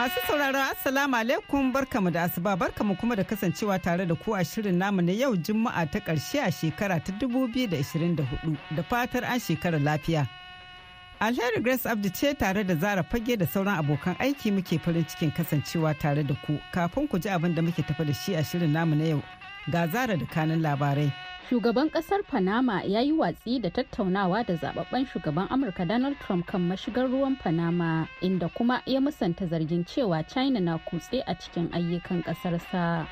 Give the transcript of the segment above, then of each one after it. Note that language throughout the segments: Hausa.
Masu sauraro Assalamu alaikum barkamu da asuba barkamu kuma da kasancewa tare da ku a shirin namu na yau Juma'a ta ƙarshe a shekara ta 2024 da fatar an shekara lafiya. Alheri Grace Abdi ce tare da Zara Fage da sauran abokan aiki muke farin cikin kasancewa tare da ku kafin ku ji abin da muke tafa da shi a shirin namu na yau ga Zara da kanin labarai. shugaban kasar panama ya yi watsi da tattaunawa da zababben shugaban amurka donald trump kan mashigar ruwan panama inda kuma ya musanta zargin cewa china na kutse a cikin ayyukan kasarsa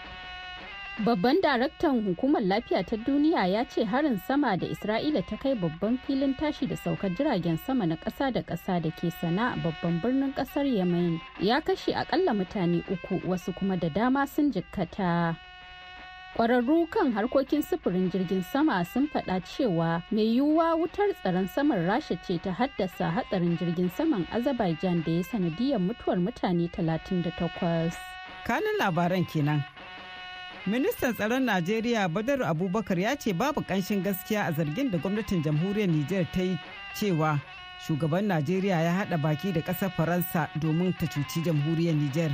babban daraktan hukumar lafiya ta duniya ya ce harin sama da isra'ila ta kai babban filin tashi da saukar jiragen sama na kasa da kasa da ke sana babban birnin kasar yemen ya kashe akalla mutane uku wasu kuma da dama sun jikkata kwararru kan harkokin sufurin jirgin sama sun faɗa cewa mai yiwuwa wutar tsaron saman rasha ce ta haddasa hatsarin jirgin saman azerbaijan da ya sanadiyar mutuwar mutane 38 kanin labaran kenan ministan tsaron najeriya badaru abubakar ya ce babu ƙanshin gaskiya a zargin da gwamnatin jamhuriyar nijar ta yi cewa shugaban najeriya ya haɗa baki da ƙasar faransa domin ta cuci jamhuriyar nijar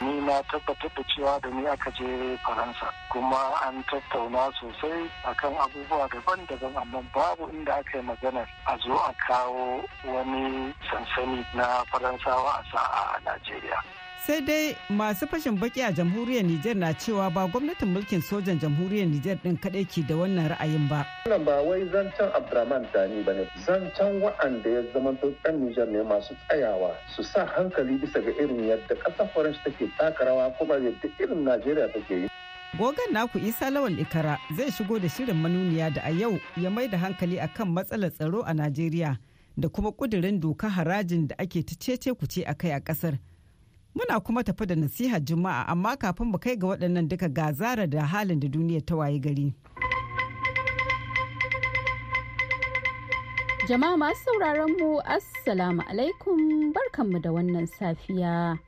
ni na tabbatar da cewa da ni aka je faransa kuma an tattauna sosai akan abubuwa daban-daban amma babu inda aka yi magana a zo a kawo wani sansani na faransawa a sa'a a najeriya sai dai masu fashin baki a jamhuriyar Nijar na cewa ba gwamnatin mulkin sojan jamhuriyar Nijar din kadai ke da wannan ra'ayin ba. Wannan ba wai zancen Abdurrahman dani ba ne, zancen wa'anda ya zama ɗan Nijar ne masu tsayawa su sa hankali bisa ga irin yadda ƙasar Faransa take taka rawa kuma yadda irin Najeriya take yi. Gogan naku Isa Lawal Ikara zai shigo da shirin manuniya da a yau ya mai da hankali a kan matsalar tsaro a Najeriya da kuma ƙudurin doka harajin da ake ta cece kuce a kai a ƙasar. Muna kuma tafi da nasiha Juma'a amma kafin mu kai ga waɗannan duka ga zara da halin da duniya ta waye gari. Jama'a masu sauraron mu Assalamu alaikum barkanmu da wannan safiya.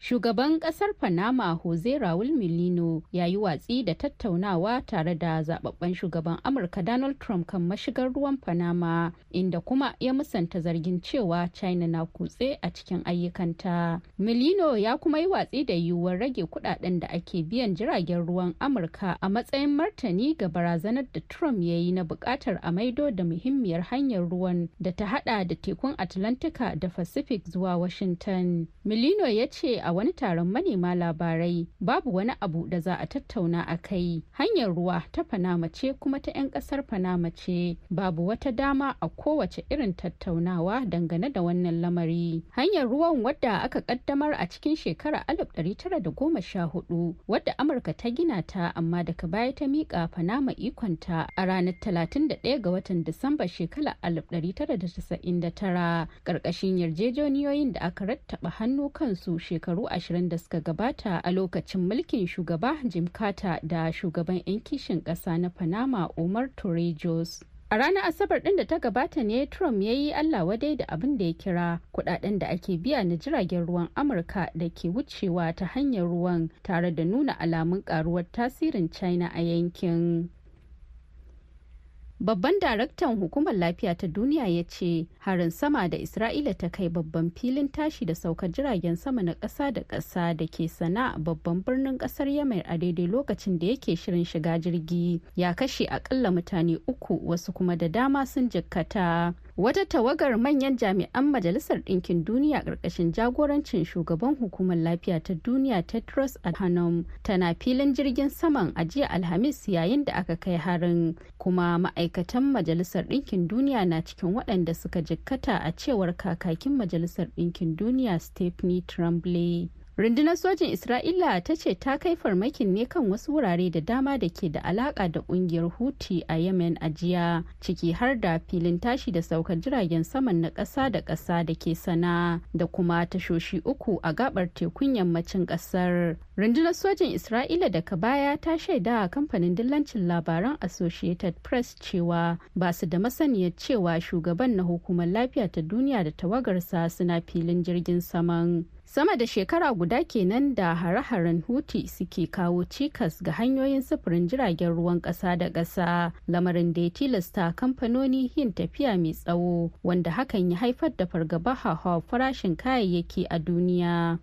Shugaban kasar Panama Jose Raul Milino ya yi watsi da tattaunawa tare da zababben shugaban Amurka Donald Trump kan mashigar ruwan Panama inda kuma ya musanta zargin cewa China na kutse a cikin ayyukanta. Milino ya kuma yi watsi da yiwuwar rage kudaden da ake biyan jiragen ruwan Amurka a matsayin martani ga barazanar da Trump ya yi na bukatar a maido da muhimmiyar hanyar ruwan da ta hada da tekun Atlantika da Pacific zuwa Washington. Milino ya ce a wani taron manema labarai babu wani abu da za a tattauna a kai hanyar ruwa ta panama ce kuma ta 'yan kasar panama ce babu wata dama a kowace irin tattaunawa dangane da wannan lamari hanyar ruwan wadda aka kaddamar a cikin shekara 1914 wadda amurka ta gina ta amma daga baya ta miƙa panama ikonta a ranar 31 ga watan disamba shekara 1999 ƙarƙashin yarjejeniyoyin da aka rattaba hannu kansu shekaru shekaru ashirin da suka gabata a lokacin mulkin shugaba Jim Carter da shugaban 'yan kishin ƙasa na Panama Omar Torrijos. A ranar Asabar ɗin da ta gabata ne Trump ya yi Allah wadai da abin da ya kira kudaden da ake biya na jiragen ruwan Amurka da ke wucewa ta hanyar ruwan tare da nuna alamun karuwar tasirin China a yankin. Babban daraktan hukumar lafiya ta duniya ya ce harin sama da Isra'ila ta kai babban filin tashi da saukar jiragen sama na ƙasa da ƙasa da ke sana babban birnin ƙasar yamai a daidai lokacin da yake shirin shiga jirgi ya kashe akalla mutane uku wasu kuma da dama sun jikkata. wata tawagar manyan jami'an majalisar ɗinkin duniya ƙarƙashin jagorancin shugaban hukumar lafiya ta duniya a adhanom tana filin jirgin saman a alhamis yayin da aka kai harin kuma ma'aikatan majalisar ɗinkin duniya na cikin waɗanda suka jikkata a cewar kakakin majalisar ɗinkin duniya stephanie tremblay rundunar sojin isra'ila ta ce ta kai farmakin ne kan wasu wurare da dama da ke da alaka da kungiyar huti a yemen a jiya ciki har da filin tashi da saukar jiragen saman na ƙasa da ƙasa da ke sana da kuma tashoshi uku a gabar tekun yammacin ƙasar rundunar sojin isra'ila daga baya ta shaida a kamfanin dillancin labaran associated press cewa ba su da masaniyar cewa shugaban na hukumar lafiya ta duniya da tawagarsa suna filin jirgin saman sama da shekara guda kenan da hare-haren huti suke kawo cikas ga hanyoyin sufurin jiragen ruwan ƙasa da ƙasa lamarin da ya tilasta kamfanoni yin tafiya mai tsawo wanda hakan ya haifar da fargaba hawa farashin kayayyaki a duniya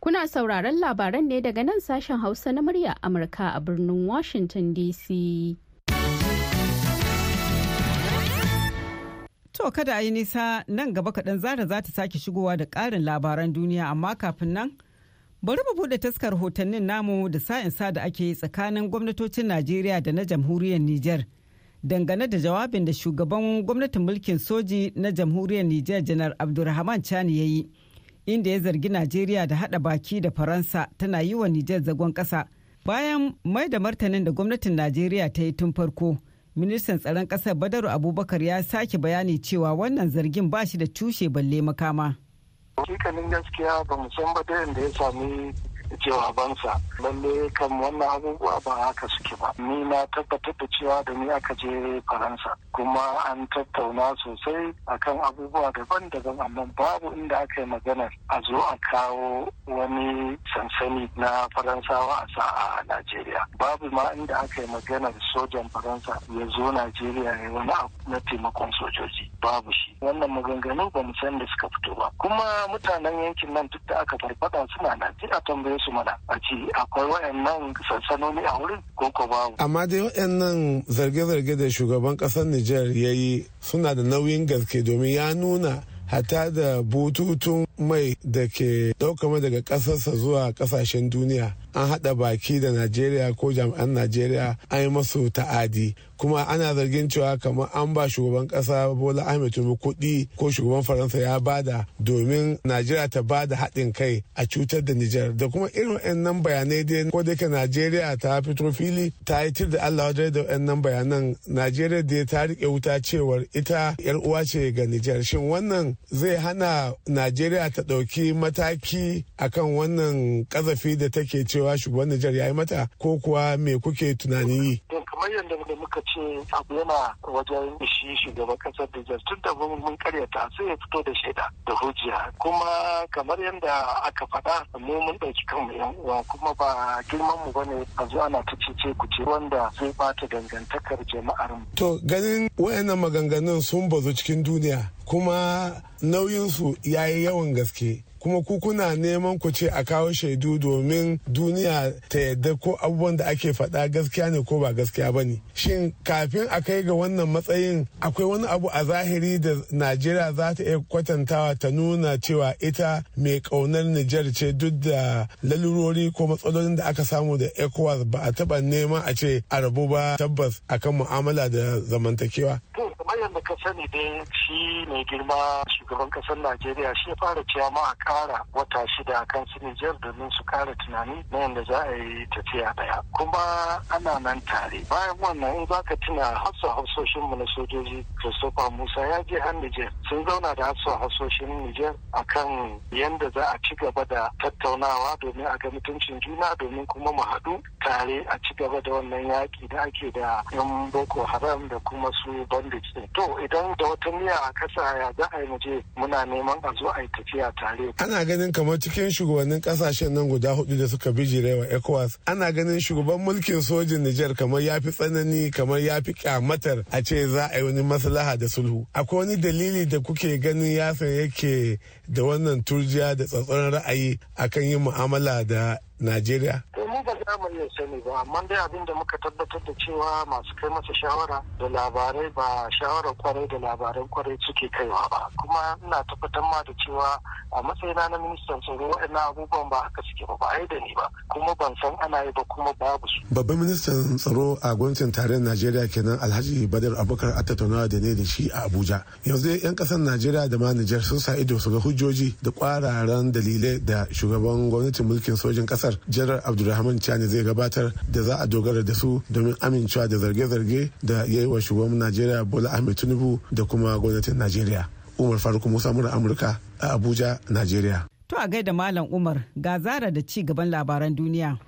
kuna sauraron labaran ne daga nan sashen hausa na murya amurka a birnin washington dc To kada a yi nisa nan gaba kaɗan zara za ta sake shigowa da ƙarin labaran duniya amma kafin nan bari mu buɗe taskar hotannin namu da sa da ake yi tsakanin gwamnatocin Najeriya da na jamhuriyar Nijar dangane da jawabin da shugaban gwamnatin mulkin soji na jamhuriyar Nijar janar Abdulrahman Chani ya yi inda ya zargi Najeriya da haɗa baki da Faransa tana yi wa Nijar zagon ƙasa bayan mai da martanin da gwamnatin Najeriya ta yi tun farko. ministan tsaron kasar badaru abubakar ya sake bayani cewa wannan zargin ba shi da tushe balle makama. hakikanin gaskiya ba mu san ba da ya sami cewa bansa lalle kan wannan abubuwa ba haka suke ba ni na tabbatar da cewa da ni aka je faransa kuma an tattauna sosai akan abubuwa daban-daban amma babu inda aka yi maganar a zo a kawo wani sansani na faransawa a sa'a a najeriya babu ma inda aka yi maganar sojan faransa ya zo najeriya ya wani abu na taimakon sojoji babu shi wannan maganganu ba mu san da suka fito ba kuma mutanen yankin nan duk da aka farfada suna na ji a tambaye su mana a ce akwai wayannan sansanoni a wurin ko ko babu amma dai wayannan zarge-zarge da shugaban kasar Nijar yi suna da nauyin gaske domin ya nuna hata da bututun mai da ke ɗaukama daga kasarsa zuwa ƙasashen duniya an haɗa baki da najeriya ko jami'an najeriya an yi masu ta'adi kuma ana zargin cewa kamar an ba shugaban ƙasa bola ahmed tinubu kuɗi ko shugaban faransa ya bada domin najeriya ta bada haɗin kai a cutar da nijar da kuma irin wa'annan bayanai dai ko da ke najeriya ta fito fili ta yi tir da allah wajen da wa'annan bayanan najeriya dai ta riƙe wuta cewar ita yar uwa ce ga nijar shin wannan zai hana najeriya ta ɗauki mataki akan wannan ƙazafi da take cewa cewa shugaban Nijar ya yi mata ko kuwa me kuke tunanin yi? kamar yadda da muka ce abu yana wajen shi shugaban kasar Nijar tun da mun karyata sai ya fito da shaida da hujja kuma kamar yadda aka faɗa mu mun ɗauki kanmu yan uwa kuma ba girman mu bane a zo ana ta cece ku ce wanda zai bata dangantakar jama'ar mu. To ganin wayannan maganganun sun bazu cikin duniya kuma nauyinsu ya yi yawan gaske kuma ku kuna neman ku ce a kawo shaidu domin duniya ta yadda ko abubuwan da ake faɗa gaskiya ne ko ba gaskiya ba ne shin kafin a kai ga wannan matsayin akwai wani abu a zahiri da najeriya za ta iya kwatantawa ta nuna cewa ita mai ƙaunar nijar ce duk da lalurori ko matsalolin da aka samu da ecowas ba a taɓa neman a ce a rabu ba tabbas akan mu'amala da zamantakewa kamar yadda ka sani dai shi mai girma shugaban kasar najeriya shi ya fara cewa ma a kara wata shida kan su nijar domin su kara tunani na yadda za a yi tafiya daya kuma ana nan tare bayan wannan in za ka tuna hafsa hafsoshin mu na sojoji christopher musa ya je har nijar sun zauna da hafsa hafsoshin nijar kan yadda za a ci gaba da tattaunawa domin a ga mutuncin juna domin kuma mu haɗu tare a ci gaba da wannan yaƙi da ake da yan boko haram da kuma su bandit dutse to idan da wata niyya a kasa ya za a yi muje muna neman a zo a yi tafiya tare ana ganin kamar cikin shugabannin kasashen nan guda hudu da suka bijire wa ecowas ana ganin shugaban mulkin sojin nijar kamar ya fi tsanani kamar ya fi kyamatar a ce za a yi wani maslaha da sulhu akwai wani dalili da kuke ganin san yake da wannan turjiya da tsatsauran ra'ayi akan yin mu'amala da najeriya mu ba za mu iya sani ba amma dai abin da muka tabbatar da cewa masu kai masa shawara da labarai ba shawara kwarai da labaran kwarai suke kaiwa ba kuma ina tabbatar ma da cewa a matsayina na ministan tsaro waɗannan abubuwan ba haka suke ba yi da ni ba kuma ban san ana yi ba kuma babu su. babban ministan tsaro a gwamnatin tarayyar najeriya kenan alhaji badar abubakar a tattaunawa da ne da shi a abuja yanzu yan ƙasar najeriya da ma nijar sun sa ido su ga hujjoji da kwararan dalilai da shugaban gwamnatin mulkin sojin kasa. kasar janar abdulrahman chani zai gabatar da za a dogara da su domin amincewa da zarge-zarge da ya yi wa shugaban najeriya bola ahmed tinubu da kuma gwamnatin najeriya umar faruk musa mura amurka a abuja najeriya to a gaida malam umar ga zara da ci gaban labaran duniya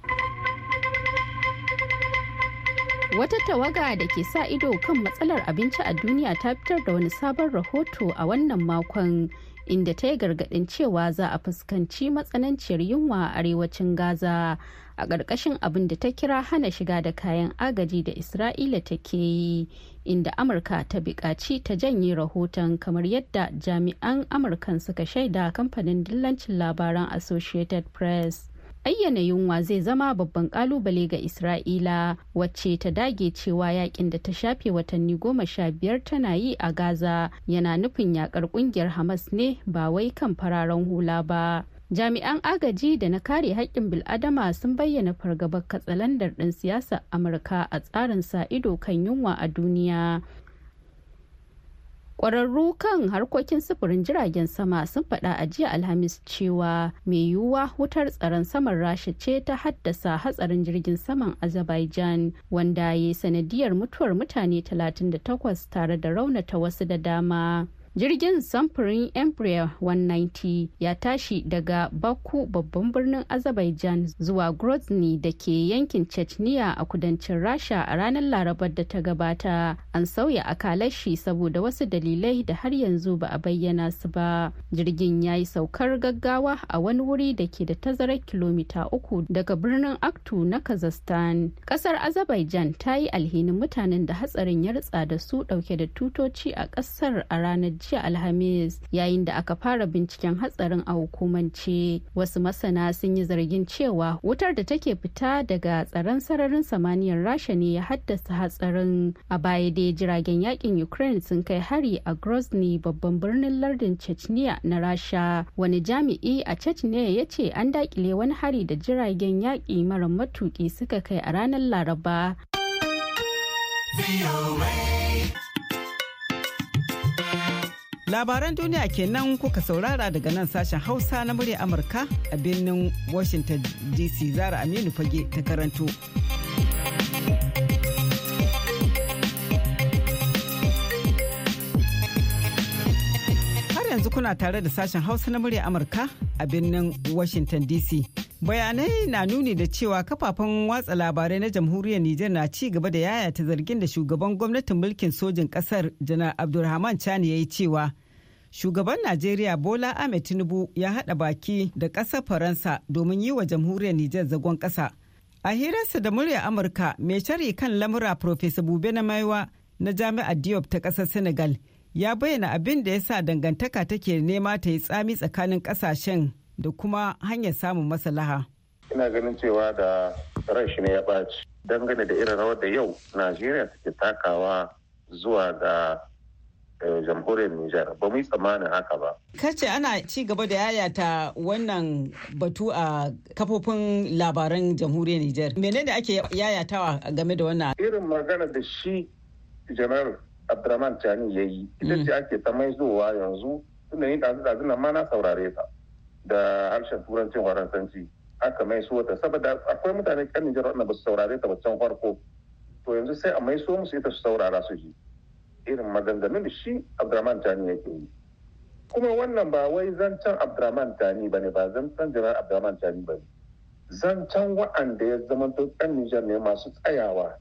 Wata tawaga da ke sa ido kan matsalar abinci a duniya ta fitar da wani sabon rahoto a wannan makon inda ta yi gargaɗin cewa za a fuskanci matsananciyar yunwa a arewacin gaza a ƙarƙashin abin da ta kira hana shiga da kayan agaji da isra'ila ta ke yi inda amurka ta buƙaci ta janye rahoton kamar yadda jami'an amurkan suka shaida kamfanin dillancin labaran associated press ayyana yunwa zai zama babban kalubale ga isra'ila wacce ta dage cewa yakin da ta shafe watanni goma sha biyar tana yi a gaza yana nufin yakar kungiyar hamas ne ba wai kan fararen hula ba jami'an agaji da na kare haƙƙin bil'adama sun bayyana fargabar katsalandar ɗin siyasar amurka a tsarin sa ido kan yunwa a duniya Ƙwararru kan harkokin sufurin jiragen sama sun faɗa a jiya Alhamis cewa mai yiwuwa wutar tsaron saman Rasha ce ta haddasa hatsarin jirgin saman Azerbaijan wanda ya yi sanadiyar mutuwar mutane 38 tare da raunata wasu da dama. jirgin samfurin embraer 190 ya tashi daga baku babban birnin azerbaijan zuwa grozny da ke yankin chechnya a kudancin rasha a ranar larabar da ta gabata an sauya akalar shi saboda wasu dalilai da har yanzu ba a bayyana su ba jirgin ya yi saukar gaggawa a wani wuri da ke da tazarar kilomita uku daga birnin aktu na kazakhstan kasar azerbaijan ta yi alhinin mutanen da hatsarin ya da su dauke da tutoci a kasar a ranar ce alhamis yayin da aka fara binciken hatsarin a hukumance wasu masana sun yi zargin cewa wutar da take fita daga tsaron sararin samaniyar rasha ne ya haddasa hatsarin a baya dai jiragen yakin ukraine sun kai hari a grozny babban birnin lardin chechnya na rasha wani jami'i a chechnya ya ce an dakile wani hari da jiragen yaƙi mara matuki suka kai a ranar laraba. Labaran duniya kenan kuka saurara daga nan sashen Hausa na murya Amurka a birnin Washington DC Zara Aminu Fage ta karanto. Har yanzu kuna tare da sashen Hausa na murya Amurka a birnin Washington DC. bayanai na nuni da cewa kafafen watsa labarai na jamhuriyar nijar na ci gaba da yayata zargin da shugaban gwamnatin mulkin sojin kasar janar abdulrahman chani ya yi cewa shugaban najeriya bola ahmed tinubu ya haɗa baki da ƙasar faransa domin yi wa jamhuriyar nijar zagon ƙasa a hirarsa da murya amurka mai shari kan lamura profesa bube na maiwa na jami'ar diop ta ƙasar senegal ya bayyana abin da ya sa dangantaka take nema ta yi tsami tsakanin ƙasashen da kuma hanyar samun maslaha. Ina ganin cewa da ran shi ne ya ɓaci dangane da irin rawar da yau Najeriya take takawa zuwa ga eh, jamhuriyar Nijar ba mu yi tsammanin haka ba. Kace ana ci gaba da yayata wannan batu a kafofin labaran jamhuriyar Nijar. Menene ake yayatawa game da wannan? Irin magana da shi janar Abdurrahman Tani ya yi, ita ce mm. ake ta mai zuwa yanzu tunda ni ɗazu ɗazu ma na saurare ta. da harshen turancin faransanci aka mai su ta saboda akwai mutane kan Nijar wanda ba su saurare ta can farko to yanzu sai a mai so musu ita su saurara su ji irin maganganun da shi Abdurrahman Tani yake yi kuma wannan ba wai zancen Abdurrahman Tani ne ba zancen jiran Abdurrahman Tani ne zancen wa'anda ya zama kan Nijar ne masu tsayawa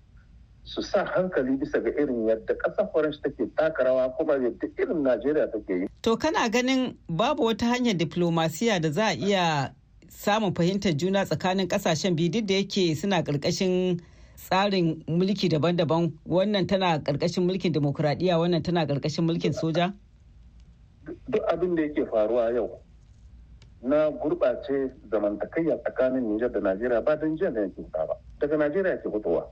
su sa hankali bisa ga irin yadda ƙasar faransh take taka rawa kuma yadda irin najeriya take yi to kana ganin babu wata hanyar diplomasiya da za a iya samun fahimtar juna tsakanin ƙasashen biyu duk da yake suna ƙarƙashin tsarin mulki daban-daban wannan tana ƙarƙashin mulkin demokuraɗiyya wannan tana ƙarƙashin mulkin soja duk abin da yake faruwa yau na gurɓace zamantakayya tsakanin Nijar da Najeriya ba don jiya da yake ba daga Najeriya ke fitowa.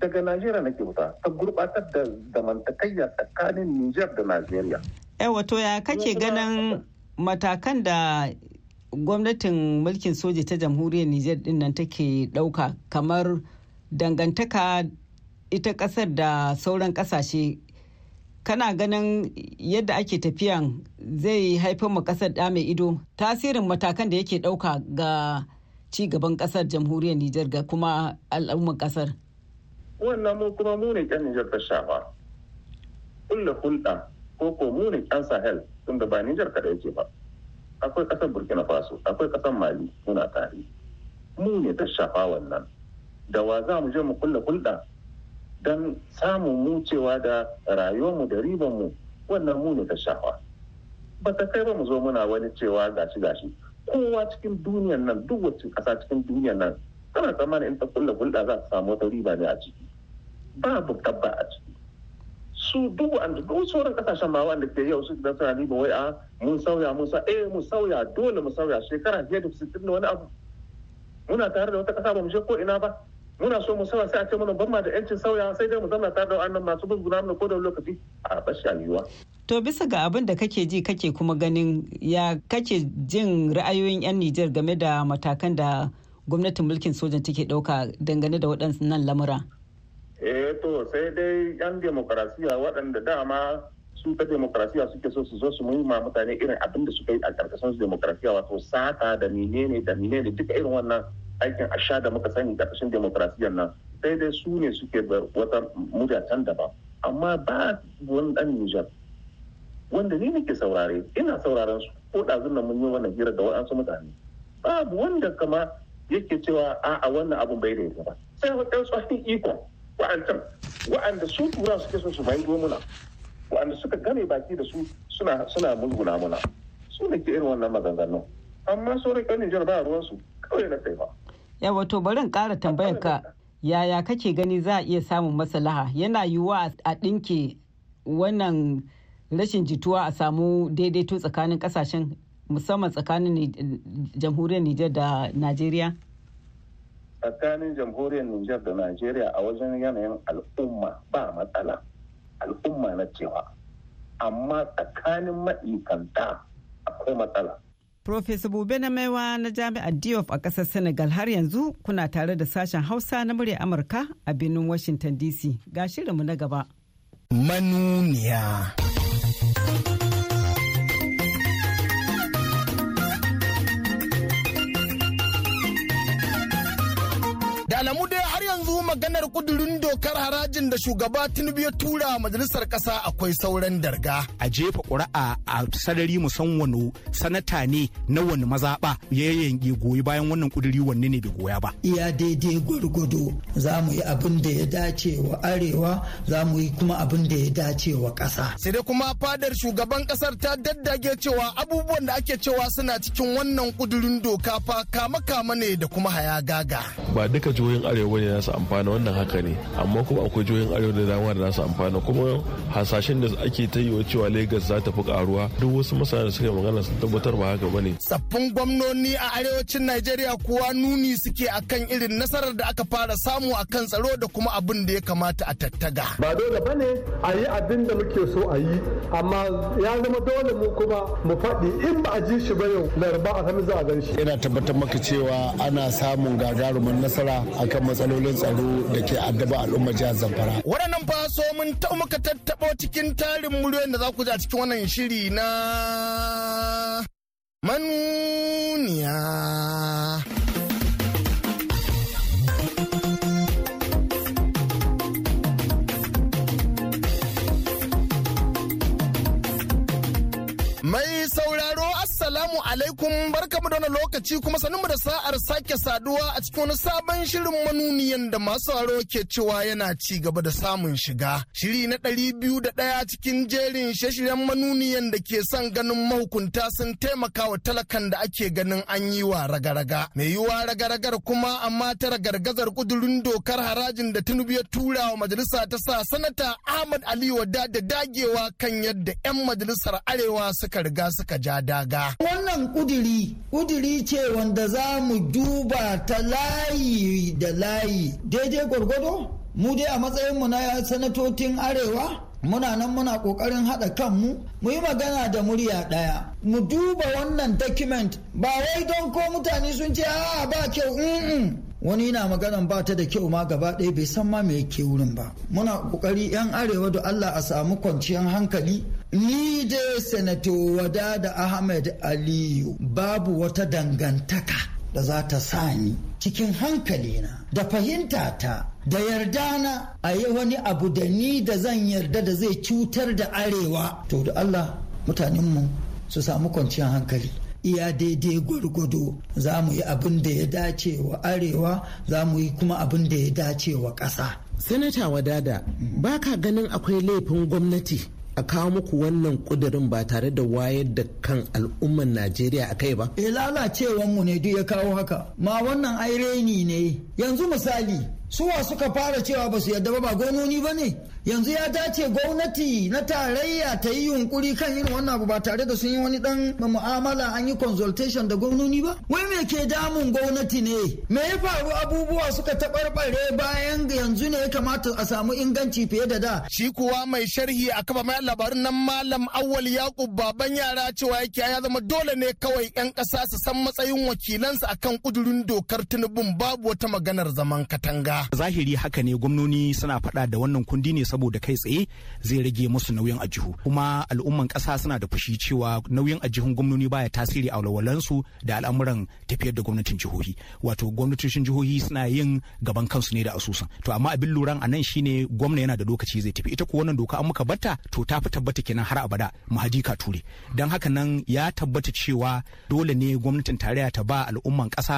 daga najeriya nake wuta ta gurbatar da zamantakayya tsakanin nijar da najeriya yawa eh, to ya kake ganin matakan da gwamnatin mulkin soja ta jamhuriyar nijar din nan take dauka kamar dangantaka ita kasar da sauran kasashe kana ganin yadda ake tafiyan zai haifar ma kasar da mai ido tasirin matakan da yake dauka ga ci gaban kasar jamhuriyar nijar ga kuma al'ummar kasar wannan mu kuma mu ne kan Nijar ta shafa kulla hulɗa ko ko mu ne kan Sahel tunda ba Nijar kaɗai yake ba akwai ƙasar Burkina Faso akwai ƙasar Mali muna tare mu ne ta shafa wannan da wa za mu je mu kulla hulɗa don samun mu cewa da rayuwarmu da ribanmu wannan mu ne ta shafa ba ta kai ba mu zo muna wani cewa gashi gashi kowa cikin duniyar nan duk wacce ƙasa cikin duniyar nan kana zama in ta kulla hulɗa za ta samu wata riba ne a ciki babu tabba a ciki su duk an duk sauran kasashen ma wanda ke yau su da suna riba wai a ah, mun sauya mun sa eh mun sauya dole mu sauya shekara biyar da sittin da wani abu muna tare da wata kasa ba mu je ko ina ba muna so mu sauya sai a ce mana ban ma da yancin sauya sai dai mu zama tare da wannan masu buguna mu ko da lokaci a bashi yiwa To bisa ga abin da kake ji kake kuma ganin ya kake jin ra'ayoyin 'yan Nijar game da matakan da gwamnatin mulkin sojan take ɗauka dangane da waɗannan lamura? eh to sai dai yan demokarasiya waɗanda dama su ta demokrasiya suke so su zo su muhimma mutane irin abin da suka yi a karkashin su demokrasiya wato sata da menene da menene duka irin wannan aikin asha da muka sani karkashin demokarasiyan nan sai dai su ne suke wata murya can daban amma ba wani dan Nijar wanda ni nake saurare ina sauraren su ko ɗazun nan mun yi wannan hira da waɗansu mutane babu wanda kama yake cewa a'a wannan abun bai daidai ba sai ɗan tsohon ikon wa'ancan wa'anda su tura suke so su fahimto muna wa'anda suka gane baki da su suna suna mulguna muna su ne ke irin wannan maganganun amma sauran kan Nijar ba ruwansu kawai na kai ba. ya to bari in ƙara tambayar ka yaya kake gani za a iya samun maslaha yana yiwuwa a ɗinke wannan rashin jituwa a samu daidaito tsakanin kasashen musamman tsakanin jamhuriyar Nijar da Najeriya? Tsakanin jamhuriyar Nijar da Najeriya a wajen yanayin al'umma ba matsala, al'umma na cewa, amma tsakanin ma'ikanta akwai matsala. Profesa Bube na Maiwa na Jami'ar Diop a ƙasar Senegal har yanzu kuna tare da sashen Hausa na murya Amurka a birnin Washington DC. Ga shirinmu na gaba. Manuniya. har yanzu maganar kudurin dokar harajin da shugaba tinubu ya tura majalisar kasa akwai sauran darga a jefa ƙuri'a a sarari musamman wani sanata ne na wani mazaɓa ya yanke goyi bayan wannan kuduri wanne ne bai goya ba iya daidai gwargwado za mu yi abin da ya dace wa arewa za mu yi kuma abin da ya dace wa ƙasa sai dai kuma fadar shugaban ƙasar ta daddage cewa abubuwan da ake cewa suna cikin wannan kudurin doka fa kama kama ne da kuma gaga ba duka jihohin arewa ne ne za su amfana wannan haka ne amma kuma akwai jihohin arewa da dama da za su amfana kuma hasashen da ake ta yi cewa lagos za ta fi karuwa duk wasu masana da suka magana sun tabbatar ba haka bane sabbin gwamnoni a arewacin najeriya kuwa nuni suke akan irin nasarar da aka fara samu akan tsaro da kuma abin da ya kamata a tattaga ba dole bane a yi abin da muke so a yi amma ya zama dole mu kuma mu faɗi in ba a ji shi ba yau laraba a za a gan shi ina tabbatar maka cewa ana samun gagarumin nasara akan matsaloli matsalolin tsaro da ke addaba al'ummar jihar Zamfara. Waɗannan fa so mun ta muka tattaɓo cikin tarin muryoyin da za ku ji a cikin wannan shiri na manuniya. Mai sauraro Assalamu alaikum. alaikum barkamu da lokaci kuma sanin da sa'ar sake saduwa a cikin wani sabon shirin manuniyan da masu haro ke cewa yana ci gaba da samun shiga. Shiri na ɗari biyu da ɗaya cikin jerin shirye manuniyan da ke son ganin mahukunta sun taimaka wa talakan da ake ganin an yi wa raga Mai yiwa raga-ragar kuma amma ta ragargazar kudurin dokar harajin da Tinubu ya tura wa majalisa ta sa sanata Ahmad Ali Wada da dagewa kan yadda 'yan majalisar Arewa suka riga suka ja daga. Wannan ƙudiri ƙudiri ce wanda za mu duba ta layi da layi daidai gwargwado mu dai a matsayinmu na sanatotin arewa muna nan muna ƙoƙarin haɗa kanmu mu yi magana da murya ɗaya mu duba wannan document ba wai don ko mutane sun ce a ba kyau wani yana maganan ba ta da kyau ma gaba ɗaya bai san ma mai yake wurin ba muna kokari yan arewa da Allah a samu kwanciyar hankali ni dai sanato wada da Ahmed Aliyu babu wata dangantaka da za ta sa ni cikin hankalina da fahimta ta da yarda na a yi wani abu da ni da zan yarda da zai cutar da arewa to da Allah mutanenmu su samu kwanciyar hankali iya daidai gwargwado za mu yi abin da ya dace wa arewa za mu yi kuma abin da ya dace wa ƙasa. sanata wadada ba ka ganin akwai laifin gwamnati a kawo muku wannan kudirin ba tare da wayar da kan al'umman najeriya a kai ba e eh, lalacewanmu ne duk ya kawo haka ma wannan ai ne yanzu misali su suwa suka fara cewa ba su yadda ba ba ba ne yanzu ya dace gwamnati na tarayya ta yi yunkuri kan irin wannan abu ba tare da sun yi wani dan mu'amala an yi consultation da gwamnoni ba wai me ke damun gwamnati ne me ya faru abubuwa suka taɓarɓare bayan yanzu ne ya kamata a samu inganci fiye da da shi kuwa mai sharhi a kafa mai labarin nan malam awwal yaqub baban yara cewa yake ya zama dole ne kawai yan ƙasa su san matsayin wakilansa akan kudurin dokar tinubun babu wata maganar zaman katanga zahiri haka ne gwamnoni suna faɗa da wannan kundi ne saboda kai tsaye zai rage musu nauyin ajihu kuma al'umman kasa suna da fushi cewa nauyin ajihun gwamnoni baya tasiri a walwalansu da al'amuran tafiyar da gwamnatin jihohi wato gwamnatocin jihohi suna yin gaban kansu ne da asusun to amma abin luran a nan shine gwamna yana da lokaci zai tafi ita ko wannan doka an muka batta to ta fi tabbata kenan har abada mahadi ture don haka nan ya tabbata cewa dole ne gwamnatin tarayya ta ba al'umman ƙasa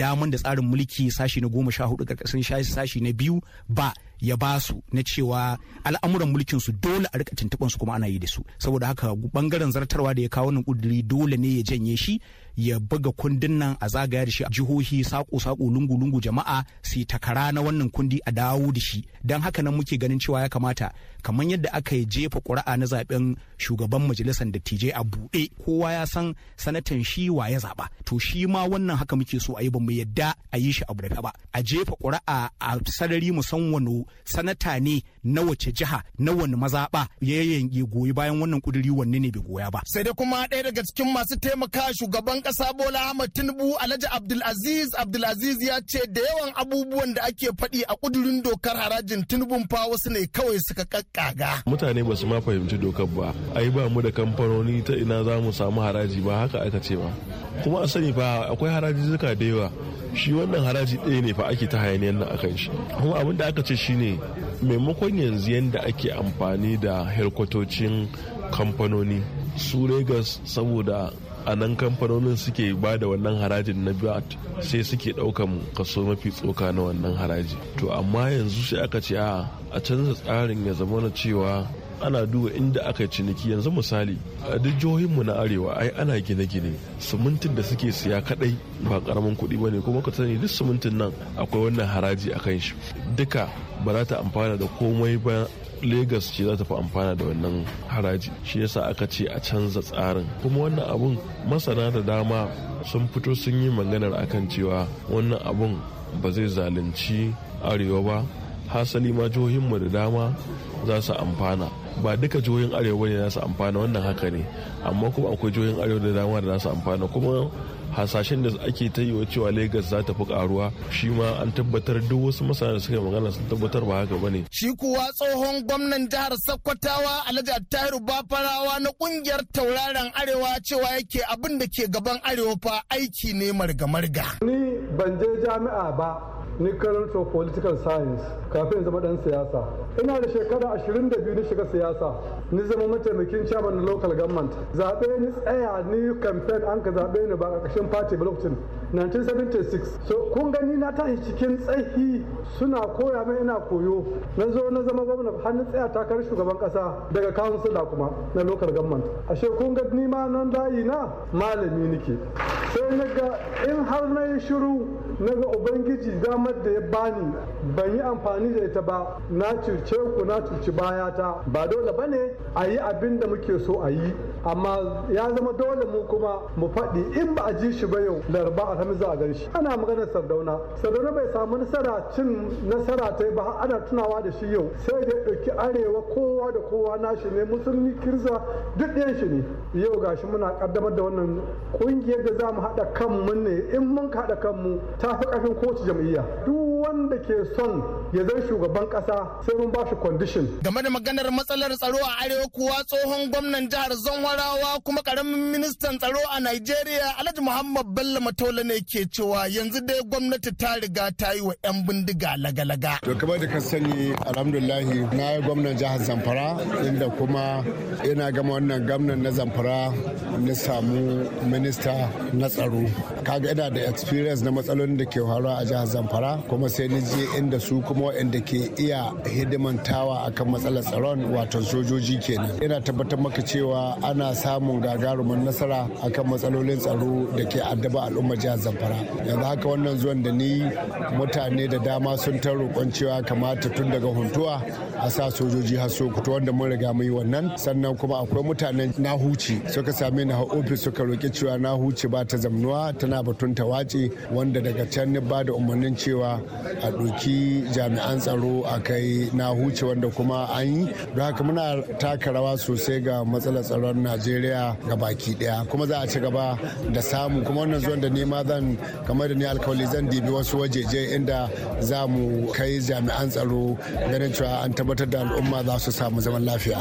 daman da tsarin mulki sashi na goma sha hudu ƙarƙashin sashi na biyu ba ya ba su na cewa al'amuran mulkin su dole a rika tuntuban su kuma ana yi da su saboda haka bangaren zartarwa da ya kawo wannan kuduri dole ne ya janye shi ya buga kundin nan a zagaya da shi a jihohi sako sako lungu lungu jama'a su yi takara na wannan kundi a dawo da shi dan haka nan muke ganin cewa ya kamata kamar yadda aka yi jefa ƙuri'a na zaben shugaban majalisar dattijai a buɗe kowa ya san sanatan shi wa ya zaba to shi ma wannan haka muke so a yi ba mu yadda a yi shi a buɗe ba a jefa ƙuri'a a sarari mu san wano. sanata ne na wace jiha na wani mazaɓa ya yanke goyi bayan wannan kuduri wanne ne bai goya ba. Sai dai kuma ɗaya daga cikin masu taimaka shugaban ƙasa Bola Ahmad Tinubu Alhaji Abdulaziz Abdulaziz ya ce da yawan abubuwan da ake faɗi a kudurin dokar harajin Tinubun fa wasu ne kawai suka kakkaga. Mutane ba su ma fahimci dokar ba. Ai ba mu da kamfanoni ta ina za mu samu haraji ba haka aka ce ba. Kuma a sani fa akwai haraji zuka da yawa. Shi wannan haraji ɗaya ne fa ake ta hayaniyar nan akan shi. Kuma abin da aka ce shine maimakon san yanzu yadda ake amfani da helkwatocin kamfanoni su Legas saboda a nan kamfanonin suke ba da wannan harajin na VAT sai suke ɗaukan kaso mafi tsoka na wannan haraji to amma yanzu sai aka ce a canza tsarin ya zama na cewa ana duba inda aka ciniki yanzu misali a duk jihohinmu na arewa ai ana gine-gine simintin da suke siya kadai ba karamin kuɗi ba ne kuma ka sani duk simintin nan akwai wannan haraji a kan shi duka ba za ta amfana da komai ba Legas ce za ta fi amfana da wannan haraji shi yasa aka ce a canza tsarin kuma wannan abun masana da dama sun fito sun yi maganar akan cewa wannan abun ba zai zalunci arewa ba hasali ma jihohinmu da dama za su amfana ba duka jihohin arewa ne za su amfana wannan haka ne amma kuma akwai jihohin arewa da dama da za su amfana kuma hasashen da ake ta yi cewa Legas za ta fi karuwa shi ma an tabbatar duk wasu masana da suka yi magana sun tabbatar ba haka bane. Shi kuwa tsohon gwamnan jihar sakkwatawa Alhaji Tahiru Bafarawa na kungiyar tauraron Arewa cewa yake abin da ke gaban Arewa fa aiki ne marga-marga. Ni ban je jami'a ba ni current of political science kafin zama dan siyasa ina da shekara 22 na shiga siyasa ni zama mataimakin chairman na local government zaɓe ni tsaya ni campaign an ka zaɓe ni ba ƙarƙashin party 1976 so kun gani na tashi cikin tsahi suna koya mai ina koyo na zo na zama gwamna har ni tsaya takarar shugaban ƙasa daga kansila kuma na local government ashe kun ga ni ma nan dayi na malami nake sai na in har na yi shiru na ga ubangiji dama damar da ya bani ban yi amfani da ita ba na cuce ku na baya ta ba dole ba ne a yi abin da muke so a yi amma ya zama dole mu kuma mu faɗi in ba a ji shi ba yau laraba a za a gan shi ana maganar sardauna sardauna bai samu nasara cin nasara ta ba ana tunawa da shi yau sai da ɗauki arewa kowa da kowa nashi ne musulmi kirza duk ɗayan shi ne yau gashi muna kaddamar da wannan ƙungiyar da za mu haɗa kanmu ne in mun haɗa kanmu ta fi ƙarfin kowace jam'iyya do wanda ke son ya zai shugaban kasa sai mun ba shi kwandishin. Game da maganar matsalar tsaro a arewa kuwa tsohon gwamnan jihar Zanwarawa kuma karamin ministan tsaro a Najeriya Alhaji Muhammad Bello Matola ne ke cewa yanzu dai gwamnati ta riga ta yi wa 'yan bindiga lagalaga. To kamar da ka sani alhamdulahi na yi gwamnan jihar Zamfara inda kuma ina gama wannan gwamnan na Zamfara na samu minista na tsaro. Kaga ina da experience na matsalolin da ke faruwa a jihar Zamfara kuma sai na inda su kuma waɗanda ke iya hidimantawa akan matsalar tsaron wato sojoji kenan yana tabbatar maka cewa ana samun gagarumin nasara akan matsalolin tsaro da ke addaba al'ummar jihar zamfara yanzu haka wannan zuwan da ni mutane da dama sun ta roƙon cewa kamata tun daga huntuwa a sa sojoji har sokoto wanda mun riga mu yi wannan sannan kuma akwai mutanen na huci suka sami na ofis suka roƙi cewa na huce ba ta zamnuwa tana batun ta wace wanda daga can ba da umarnin cewa a ɗoki jami'an tsaro a kai na huce wanda kuma an yi don haka muna taka rawa sosai ga matsalar tsaron najeriya ga baki ɗaya kuma za a ci gaba da samu kuma wannan zuwan da nema zan kamar da ni alkawali zan dibi wasu wajeje inda za mu kai jami'an tsaro ganin cewa an tabbatar da al'umma za su samu zaman lafiya.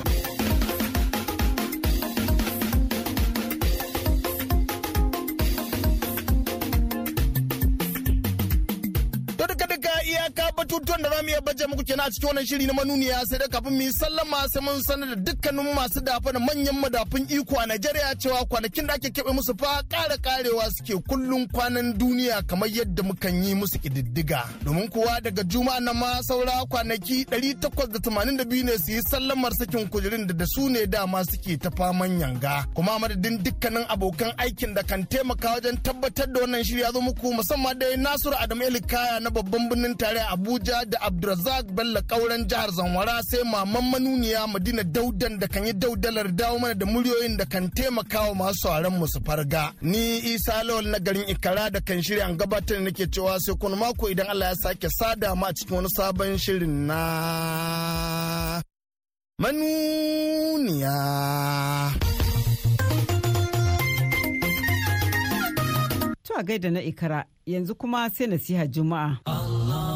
a cikin wannan shiri na manuniya sai da kafin mu yi sallama sai mun sanar da dukkanin masu dafa da manyan madafun iko a Najeriya cewa kwanakin da ake keɓe musu fa ƙara ƙarewa suke kullum kwanan duniya kamar yadda mukan yi musu ƙididdiga. Domin kuwa daga juma'a na ma saura kwanaki 882 ne su yi sallamar sakin kujerin da su ne dama suke ta faman yanga. Kuma madadin dukkanin abokan aikin da kan taimaka wajen tabbatar da wannan shiri ya zo muku musamman dai Nasiru Adamu Elikaya na babban birnin tare Abuja da Abdulrazak Bello da kauren jihar zamwara sai maman manuniya Madina Daudan da kan yi daudalar dawo mana da muryoyin da kan taimaka wa masu sauran mu su farga. Ni Isa Lawal na garin Ikara da kan shirya an gabatar da nake cewa sai kun mako idan Allah ya sake sada mu a cikin wani sabon shirin na manuniya. To a gaida na Ikara yanzu kuma sai nasiha Juma'a. Allah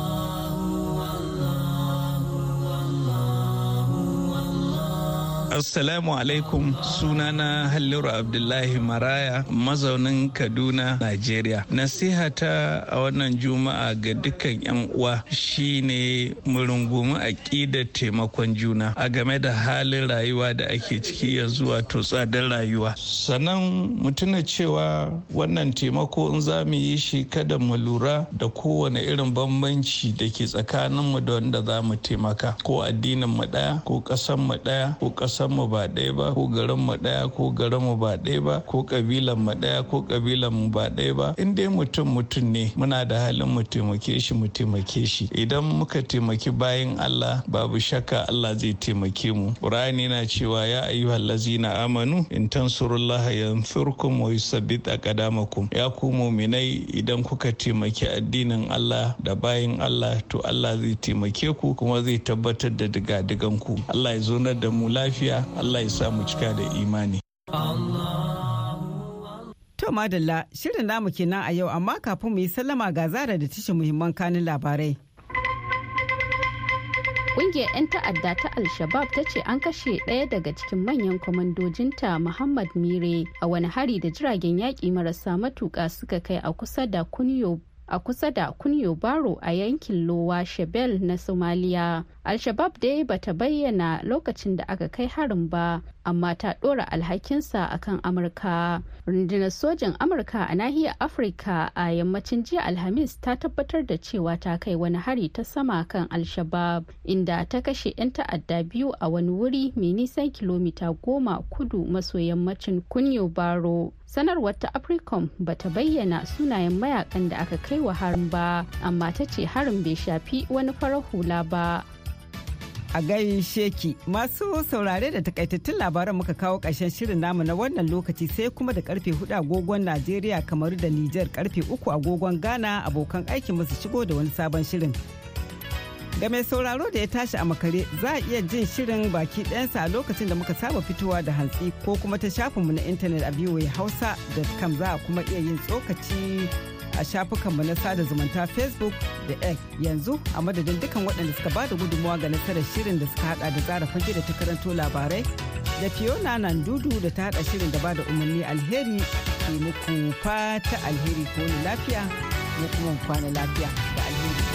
Assalamu alaikum sunana Halliru Abdullahi Maraya mazaunin Kaduna, Najeriya. Nasihata a wannan juma'a ga dukkan 'yan uwa shine murungumi a ƙida taimakon juna a game da halin rayuwa da ake ciki yanzu wato tsadar rayuwa. Sannan mutuna cewa wannan taimako in za mu yi shi kada mu lura da kowane irin bambanci da ke tsakaninmu da wanda za mu taimaka ko addinin mu ɗaya ko ƙasan mu ɗaya ko ƙasan mu ba ɗaya ba ko garin mu ɗaya ko garin mu ba ɗaya ba ko kabilan mu ɗaya ko kabilan mu ba ɗaya ba in dai mutum mutum ne muna da halin mu taimake shi mu taimake shi idan muka taimaki bayan Allah babu shakka Allah zai taimake mu Qur'ani na cewa ya ayyuhal ladzina amanu in tansurullaha yansurkum wa yusabbit aqdamakum ya ku mu'minai idan kuka taimaki addinin Allah da bayan Allah to Allah zai taimake ku kuma zai tabbatar da diga-digan ku Allah ya zo da mu lafiya lafiya Allah ya sa mu cika da imani. To madalla shirin namu kenan a yau amma kafin mu yi sallama ga zara da tashin muhimman kanin labarai. Ƙungiyar 'yan ta'adda ta Al-Shabab ta ce an kashe ɗaya daga cikin manyan kwamandojinta Muhammad Mire a wani hari da jiragen yaƙi marasa matuƙa suka kai a kusa da Kunyo a kusa da kunyo baro a yankin lowa shebel na somaliya al-shabab dai bata bayyana lokacin da aka kai harin ba amma ta dora alhakinsa a kan amurka rundunar sojin amurka a nahiyar afirka a yammacin jiya alhamis ta tabbatar da cewa ta kai wani hari ta sama kan al-shabab inda ta kashe 'yan ta'adda biyu a wani wuri mai nisan kilomita goma kudu maso yammacin kunyo baro sanarwar ta africom ba ta bayyana sunayen mayakan da aka kai wa harin ba amma ta ce harin bai shafi wani farar hula ba a gaishe ki masu saurare da takaitattun labaran muka kawo ƙarshen shirin namu na wannan lokaci sai kuma da karfe hudu agogon Najeriya kamar da Nijar karfe 3 agogon Ghana abokan aikin su shigo da wani sabon shirin. Ga mai sauraro da ya tashi a makare za a iya jin shirin baki ɗansa a lokacin da muka saba fitowa da hantsi ko kuma ta shafinmu na intanet a hausa hausa.com za a kuma iya yin tsokaci a shafukanmu na sada zumunta facebook da x yanzu a madadin dukkan waɗanda suka bada gudunmawa ga nasarar shirin da suka hada da tsara fage da ta karanto labarai da fiona nan dudu da ta haɗa shirin da ba da umarni alheri ke muku fata alheri ko lafiya mu kuma kwana lafiya da alheri